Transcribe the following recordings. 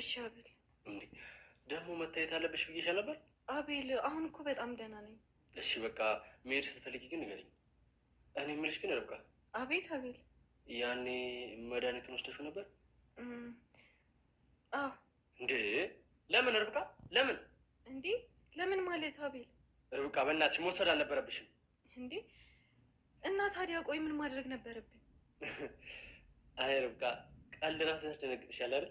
እሺ አቤል፣ ደግሞ መታየት አለብሽ ብዬሽ ነበር። አቤል፣ አሁን እኮ በጣም ደህና ነኝ። እሺ በቃ መሄድ ስትፈልጊ ግን ንገሪኝ። እኔ የምልሽ ግን ርብቃ። አቤት አቤል፣ ያኔ መድኃኒቱን ወስደሽው ነበር? አዎ። እንዴ ለምን ርብቃ? ለምን እንዴ? ለምን ማለት አቤል? ርብቃ በእናትሽ መውሰድ አልነበረብሽም እንዴ። እና ታዲያ ቆይ ምን ማድረግ ነበረብኝ? አይ ርብቃ፣ ቀልድ ራስሽ ደነግጥሻል አይደል?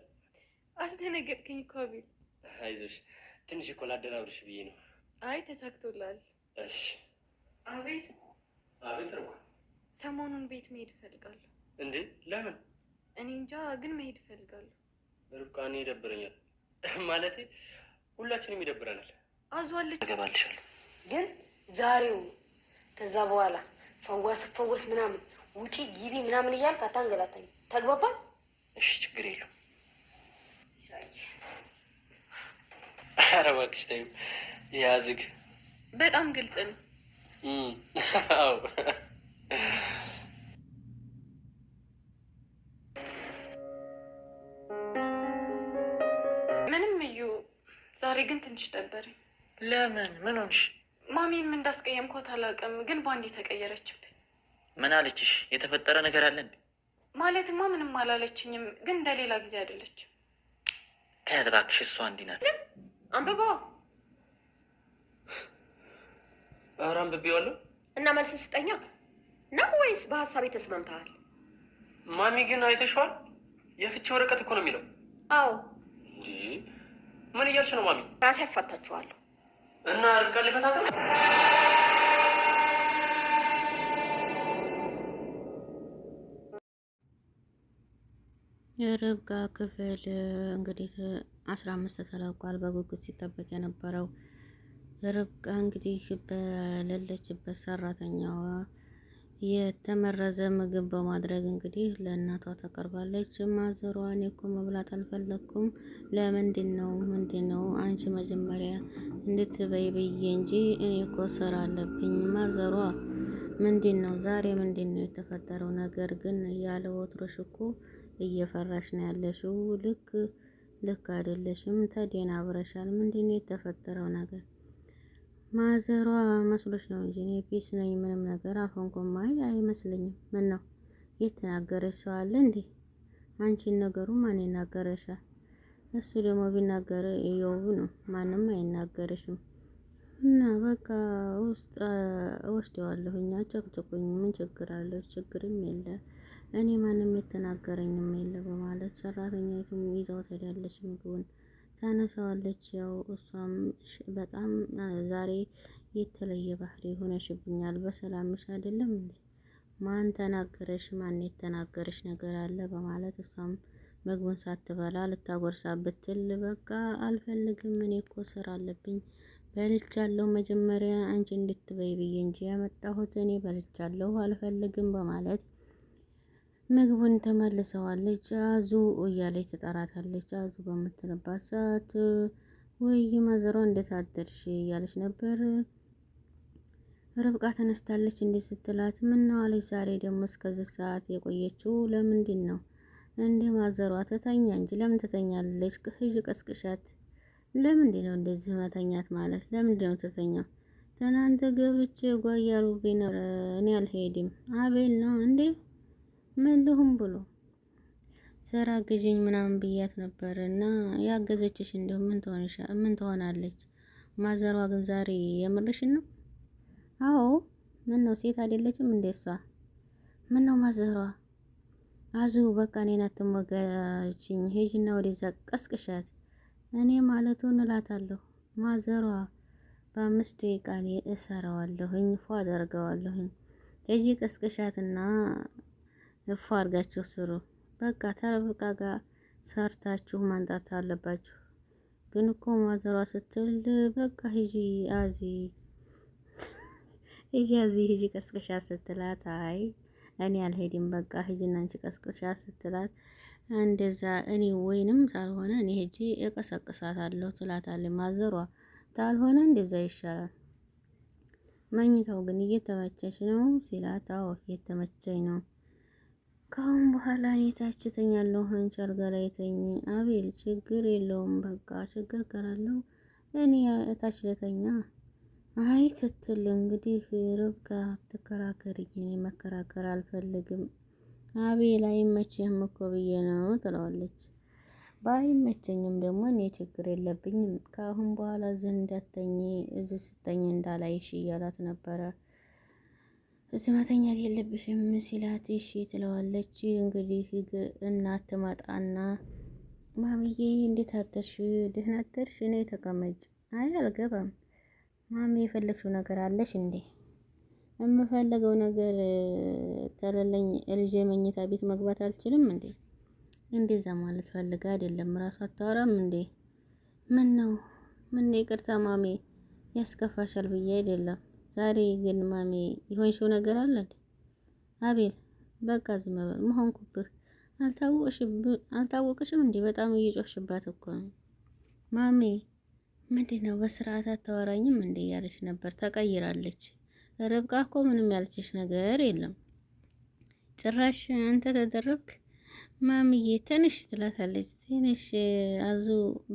አስደነገጥከኝ እኮ አቤል። አይዞሽ ትንሽ እኮ ላደናብርሽ ብዬ ነው። አይ ተሳክቶላል። እሺ አቤል። አቤት። ርኳ። ሰሞኑን ቤት መሄድ እፈልጋለሁ። እንዴ? ለምን? እኔ እንጃ፣ ግን መሄድ እፈልጋለሁ። ርቋ፣ እኔ ይደብረኛል። ማለቴ ሁላችንም ይደብረናል። አዟለች። እገባልሻለሁ ግን ዛሬው። ከዛ በኋላ ፈዋስ ፈወስ ምናምን ውጪ ግቢ ምናምን እያልክ አታንገላታኝ። ተግባባል? እሺ ችግር የለም። ኧረ እባክሽ ተይው። ያዝግ በጣም ግልጽ ነው። አዎ ምንም እዩ። ዛሬ ግን ትንሽ ደበረኝ። ለምን? ምን ሆንሽ? ማሚም እንዳስቀየምኳት አላውቅም፣ ግን በአንዴ ተቀየረችብኝ። ምን አለችሽ? የተፈጠረ ነገር አለ እንዴ? ማለትማ ምንም አላለችኝም፣ ግን እንደሌላ ጊዜ አይደለችም። ተያት እባክሽ፣ እሷ እንዲህ ናት። አንብባ ኧረ አንብቤዋለሁ። እና መልስ ስጠኛ ነው ወይስ በሀሳቤ ተስማምተሃል? ማሚ ግን አይተሽዋል? የፍቺ ወረቀት እኮ ነው የሚለው። አዎ። እንዴ ምን እያልሽ ነው ማሚ? ራሴ አፋታችኋለሁ እና ርቃ ሊፈታተል የርብቃ ክፍል እንግዲህ አስራ አምስት ተለቋል። በጉጉት ሲጠበቅ የነበረው ርብቃ እንግዲህ በሌለችበት ሰራተኛዋ የተመረዘ ምግብ በማድረግ እንግዲህ ለእናቷ ተቀርባለች። እኔ እኮ መብላት አልፈለግኩም። ለምንድን ነው ምንድን ነው አንቺ መጀመሪያ እንድትበይ ብዬ እንጂ እኔ እኮ ስራ አለብኝ። ማዘሯ ምንድን ነው ዛሬ ምንድን ነው የተፈጠረው ነገር ግን ያለ ወትሮሽ እኮ እየፈራሽ ነው ያለሽው። ልክ ልክ አይደለሽም። ተደናብረሻል። ምንድን ነው የተፈጠረው ነገር? ማዘሯ መስሎች ነው እንጂ እኔ ፒስ ነኝ፣ ምንም ነገር አልሆንኩም። አይ አይመስለኝም። ምን ነው የተናገረሽ ሰው አለ እንዴ? አንቺን ነገሩ ማን ይናገረሻል? እሱ ደግሞ ቢናገር እየው ነው። ማንም አይናገርሽም። እና በቃ ውስጥ ወስደዋለሁ። እኛ ጨቅጭቁኝ፣ ምን ችግር አለው? ችግርም የለም። እኔ ማንም የተናገረኝም የለ በማለት ሰራተኛይቱም ይዛው ትሄዳለች። ምግቡን ታነሳዋለች። ያው እሷም በጣም ዛሬ የተለየ ባህሪ ሆነሽብኛል፣ በሰላምሽ አይደለም እንዴ? ማን ተናገረሽ? ማን የተናገረሽ ነገር አለ? በማለት እሷም ምግቡን ሳትበላ ልታጎርሳ ብትል በቃ አልፈልግም፣ እኔ እኮ ስራ አለብኝ በልቻለሁ። መጀመሪያ አንቺ እንድትበይ ብዬ እንጂ ያመጣሁት እኔ በልቻለሁ፣ አልፈልግም በማለት ምግቡን ተመልሰዋለች። አዙ እያለች ትጠራታለች። አዙ በምትልባት ሰዓት ወይ ማዘሯ እንዴት አደርሽ እያለች ነበር። ርብቃ ተነስታለች። እንዴት ስትላት ምን ነው አለች። ዛሬ ደግሞ እስከዚህ ሰዓት የቆየችው ለምንድን ነው? እንዴ ማዘሯ ተተኛ እንጂ ለምን ትተኛለች? ህጅ ቀስቅሻት። ለምንድን ነው እንደዚህ መተኛት ማለት ለምንድን ነው ትተኛው? ትናንት ገብቼ ጓያሉ ቢኖር እኔ አልሄድም አቤል ነው እንዴ መልሁም ብሎ ስራ ግዥኝ ምናምን ብያት ነበር እና ያገዘችሽ እንዲሁ ምን ትሆንሻ ምን ትሆናለች? ማዘሯ ግን ዛሬ የምርሽን ነው? አዎ ምን ነው ሴት አይደለችም እንደሷ ምን ነው ማዘሯ አዝቡ በቃ እኔን አትሞጋችኝ፣ ሄጅና ወደዛ ቀስቅሻት። እኔ ማለቱ እንላታለሁ ማዘሯ በአምስት ደቂቃ እሰራዋለሁኝ ፎ አደርገዋለሁኝ። ሄጂ ቀስቅሻትና እፎ አድርጋችሁ ስሩ። በቃ ተረብቃ ጋር ሰርታችሁ ማንጣት አለባችሁ። ግን እኮ ማዘሯ ስትል በቃ ሂጂ አዚ ሂጂ አዚ ሂጂ ቀስቅሻ ስትላት አይ እኔ አልሄድም በቃ ሂጂና አንቺ ቀስቅሻ ስትላት እንደዛ እኔ ወይንም ታልሆነ እኔ ሂጂ እቀሰቅሳታለሁ ትላታለች ማዘሯ። ታልሆነ እንደዛ ይሻላል። መኝታው ግን እየተመቸች ነው ሲላት አዎ እየተመቸኝ ነው ከአሁን በኋላ እኔ ታች እተኛለሁ፣ አንቺ አልጋ ላይ ተኝ። አቤል ችግር የለውም በቃ ችግር ካላለው እኔ እታች ልተኛ። አይ ስትል እንግዲህ ርብቃ ትከራከርኝ፣ እኔ መከራከር አልፈልግም። አቤል አይመችህም እኮ ብዬ ነው ትለዋለች። ባይመቸኝም ደግሞ እኔ ችግር የለብኝም። ከአሁን በኋላ እዚህ እንዳተኝ እዚህ ስተኝ እንዳላይሽ እያላት ነበረ እዚህ መተኛት የለብሽም ሲላት እሺ ትለዋለች። እንግዲህ እናት ትመጣና ማሚዬ እንዴት አደርሽ? ደህና አደርሽ? እኔ ተቀመጭ። አይ አልገባም ማሚ፣ የፈለግሽው ነገር አለሽ እንዴ? የምፈለገው ነገር ተለለኝ። ልጄ መኝታ ቤት መግባት አልችልም እንዴ? እንደዛ ማለት ፈልጋ አይደለም። ራሱ አታወራም እንዴ? ምን ነው ምን ይቅርታ ማሜ፣ ያስከፋሻል ብዬ አይደለም ዛሬ ግን ማሜ የሆንሽው ነገር አለ እንዴ? አቤል በቃ ዝም በል መሆንኩብህ አልታወቅሽም እንዴ? በጣም እየጮሽባት እኮ ነው። ማሜ ምንድን ነው በስርዓት አታወራኝም እንዴ? ያለች ነበር። ተቀይራለች። ርብቃ እኮ ምንም ያለችሽ ነገር የለም። ጭራሽ አንተ ተደረብክ ማምዬ ትንሽ ትላታለች። ትንሽ አዙ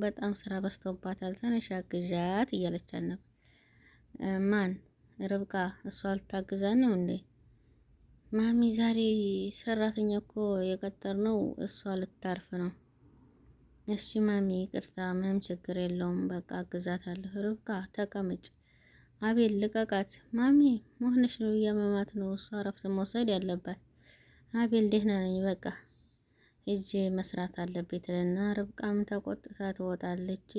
በጣም ስራ በዝቶባታል፣ ተነሽ አግዣት እያለቻት ነበር። ማን ርብቃ እሷ አልታግዛን ነው እንዴ? ማሚ ዛሬ ሰራተኛ እኮ የቀጠር ነው እሷ ልታርፍ ነው። እሺ ማሚ ቅርታ፣ ምንም ችግር የለውም። በቃ አግዛታለሁ። ርብቃ ተቀመጭ። አቤል ልቀቃት። ማሚ መሆንሽ ነው እያመማት ነው። እሷ እረፍት መውሰድ ያለባት። አቤል ደህና ነኝ፣ በቃ ሂጅ መስራት አለብኝ ትልና ርብቃም ተቆጥታ ትወጣለች።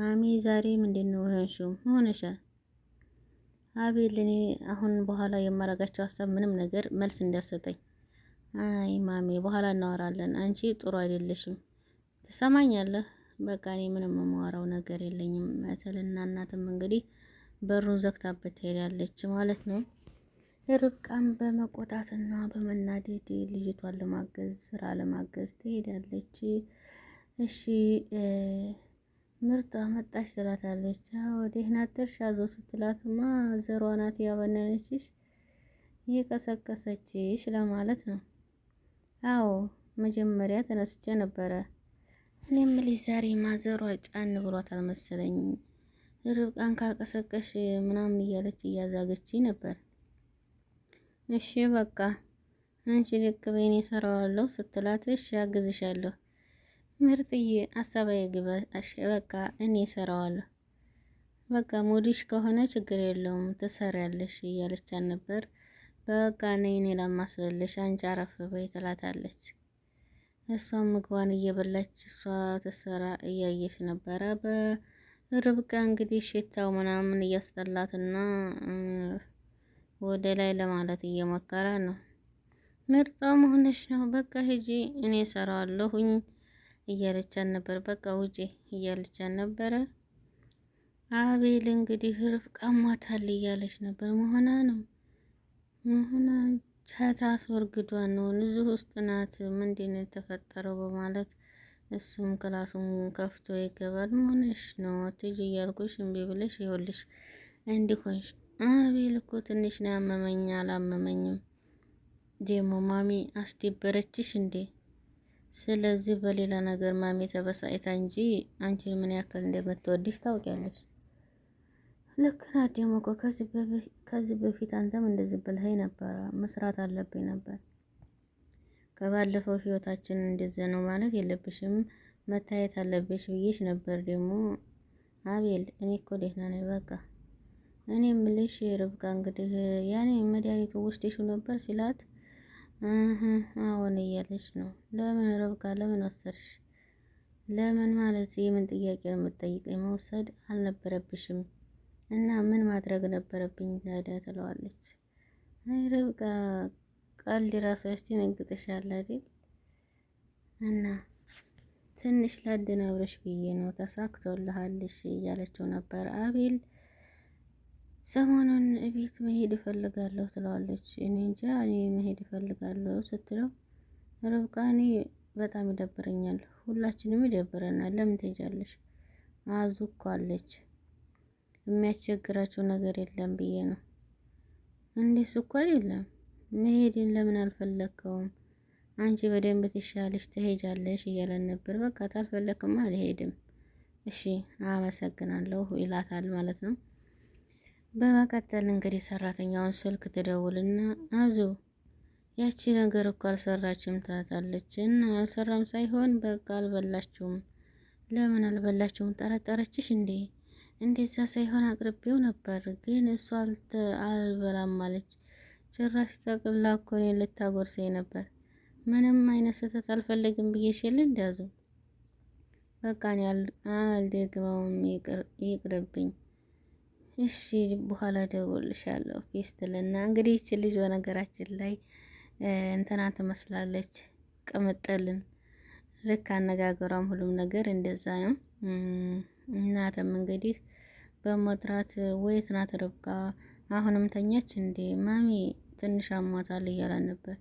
ማሚ ዛሬ ምንድን ነው ሆንሽው? ሆነሻል አቤል እኔ አሁን በኋላ የማረጋቸው ሀሳብ ምንም ነገር መልስ እንዲያሰጠኝ። አይ ማሜ በኋላ እናወራለን፣ አንቺ ጥሩ አይደለሽም፣ ትሰማኛለህ? በቃ እኔ ምንም የማወራው ነገር የለኝም መተልና እናትም እንግዲህ በሩን ዘግታበት ትሄዳለች ማለት ነው። ርብቃም በመቆጣትና በመናደድ ልጅቷን ለማገዝ ስራ ለማገዝ ትሄዳለች። እሺ ምርጥ አመጣሽ ትላታለች። ወዲህ ናደርሽ አዞ ስትላትማ ዘሯ ናት ያበነነችሽ እየቀሰቀሰችሽ ለማለት ነው። አዎ መጀመሪያ ተነስቼ ነበረ። እኔ የምልሽ ዛሬ ማዘሯ ጫን ብሏት አልመሰለኝ ርብቃን ካልቀሰቀሽ ምናምን እያለች እያዛገች ነበር። እሺ በቃ አንቺ ልክ በኔ ሰራዋለሁ ስትላት ያግዝሻለሁ ምርጥዬ አሳባዬ ግባ። በቃ እኔ እሰራዋለሁ። በቃ ሞዲሽ ከሆነ ችግር የለውም ትሰሪያለሽ እያለች ነበር። በቃ ነይ እኔ ላማስልልሽ አንቺ አረፍ በይ ትላታለች። እሷም ምግቧን እየበላች እሷ ትሰራ እያየች ነበረ። በርብቃ እንግዲህ ሽታው ምናምን እያስጠላትና ወደ ላይ ለማለት እየሞከረ ነው። ምርጧም ሆነች ነው በቃ ሂጂ እኔ እሰራዋለሁኝ እያለቻን ነበር። በቃ ውጪ እያለቻን ነበረ። አቤል እንግዲህ ርፍቃ ሟታል እያለች ነበር። መሆና ነው መሆና ቻታስ ወርግዷን ነው ንዙ ውስጥ ናት። ምንድን ነው የተፈጠረው በማለት እሱም ክላሱን ከፍቶ ይገባል። መሆንሽ ነው ትጅ እያልኩሽ እምቢ ብለሽ ይኸውልሽ እንዲሆንሽ አቤል እኮ ትንሽ ነው ያመመኝ አላመመኝም። ደሞ ማሚ አስደበረችሽ እንዴ? ስለዚህ በሌላ ነገር ማሜ ተበሳጭታ እንጂ አንቺን ምን ያክል እንደምትወድሽ ታውቂያለሽ። ልክ ናት። ደግሞ እኮ ከዚህ በፊት አንተም እንደዚህ ብለኸኝ ነበረ። መስራት አለብኝ ነበር። ከባለፈው ህይወታችን እንደዚያ ነው ማለት የለብሽም መታየት አለብሽ ብዬሽ ነበር። ደግሞ አቤል፣ እኔ እኮ ደህና ነኝ። በቃ እኔ ምልሽ ርብቃ እንግዲህ ያኔ መድኃኒቱ ውስጥ ይሹ ነበር ሲላት አሁን እያለች ነው። ለምን ረብቃ ለምን ወሰድሽ? ለምን ማለት የምን ጥያቄ ነው የምትጠይቀኝ? መውሰድ አልነበረብሽም እና ምን ማድረግ ነበረብኝ ታዲያ ትለዋለች። አይ ረብቃ ቀልድ ራሱ ያስደነግጥሻል አይደል? እና ትንሽ ላደናብረሽ ብዬ ነው ተሳክቶልሃልሽ እያለችው ነበር አቤል ሰሞኑን እቤት መሄድ እፈልጋለሁ ትለዋለች። እኔ እንጃ እኔ መሄድ እፈልጋለሁ ስትለው ርብቃ እኔ በጣም ይደብረኛል፣ ሁላችንም ይደብረናል። ለምን ትሄጃለሽ? አዙ እኮ አለች። የሚያስቸግራቸው ነገር የለም ብዬ ነው። እንዴ ስኳር የለም መሄድን ለምን አልፈለግከውም? አንቺ በደንብ ትሻለሽ ትሄጃለሽ እያለን ነበር። በቃ ታልፈለግክማ አልሄድም። እሺ አመሰግናለሁ ይላታል ማለት ነው። በመቀጠል እንግዲህ ሰራተኛውን ስልክ ትደውልና አዙ ያቺ ነገር እኮ አልሰራችም ትላታለች። እና አልሰራም ሳይሆን በቃ አልበላችሁም። ለምን አልበላችሁም? ጠረጠረችሽ እንዴ? እንደዛ ሳይሆን አቅርቤው ነበር፣ ግን እሷ አልበላም ማለች። ጭራሽ ጠቅላ እኮ እኔን ልታጎርሰኝ ነበር። ምንም አይነት ስህተት አልፈልግም ብዬሽ እንዲያዙ በቃ እኔ አልደግመውም፣ ይቅርብኝ እሺ በኋላ ደውልልሻለሁ ፌስትልና እንግዲህ ይች ልጅ በነገራችን ላይ እንትና ትመስላለች ቅምጥልን ልክ አነጋገሯም ሁሉም ነገር እንደዛ ነው። እናትም እንግዲህ በመጥራት ወይ ናት ርብቃ አሁንም ተኛች እንዴ ማሚ ትንሽ አሟታል እያላን ነበር።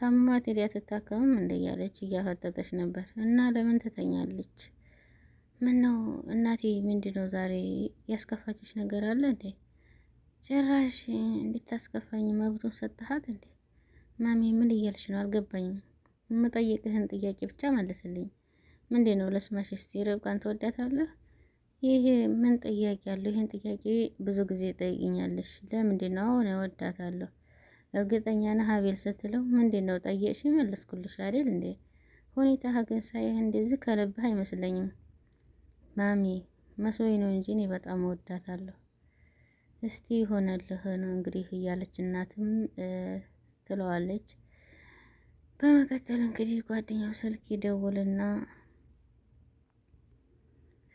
ታማት ሄዳ ትታከምም እንደ እያለች እያፈጠጠች ነበር እና ለምን ትተኛለች? ምን ነው እናቴ፣ ምንድን ነው ዛሬ ያስከፋችሽ ነገር አለ እንዴ? ጭራሽ እንድታስከፋኝ መብቱን ሰጥሃት እንዴ? ማሚ ምን እያልሽ ነው? አልገባኝም። የምጠይቅህን ጥያቄ ብቻ መልስልኝ። ምንድን ነው ለስማሽ? እስቲ ርብቃን ትወዳታለህ? ምን ጥያቄ አለው? ይህን ጥያቄ ብዙ ጊዜ ጠይቅኛለሽ። ለምንድን ነው አሁን እወዳታለሁ? እርግጠኛ ነህ ሀቤል ስትለው ምንድን ነው ጠየቅሽ? መለስኩልሽ አይደል እንዴ? ሁኔታ ሀገን ሳይህ እንደዚህ ከልብህ አይመስለኝም። ማሚ መስሎኝ ነው እንጂ እኔ በጣም እወዳታለሁ። እስቲ ሆነልህ ነው እንግዲህ እያለች እናትም ትለዋለች። በመቀጠል እንግዲህ ጓደኛው ስልክ ይደውልና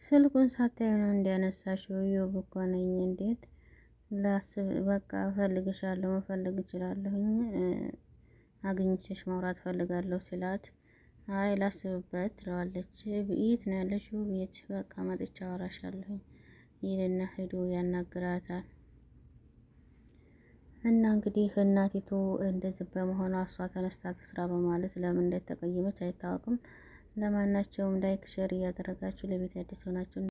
ስልኩን ሳታይ ነው እንዲያነሳሽው ዮብ እኮ ነኝ። እንዴት ላስብ በቃ እፈልግሻለሁ፣ መፈለግ እችላለሁኝ፣ አግኝቼሽ ማውራት ፈልጋለሁ ሲላት አይ ላስብበት ትለዋለች። የት ነው ያለሽው? ቤት። በቃ መጥቼ አወራሻለሁ ይልና ሄዶ ያናግራታል። እና እንግዲህ እናቲቱ እንደዚህ በመሆኗ እሷ ተነስታ ትስራ በማለት ለምን እንደተቀየመች አይታወቅም። ለማናቸውም ላይክ ሼር እያደረጋችሁ ለቤት አዲስ ሆናችሁ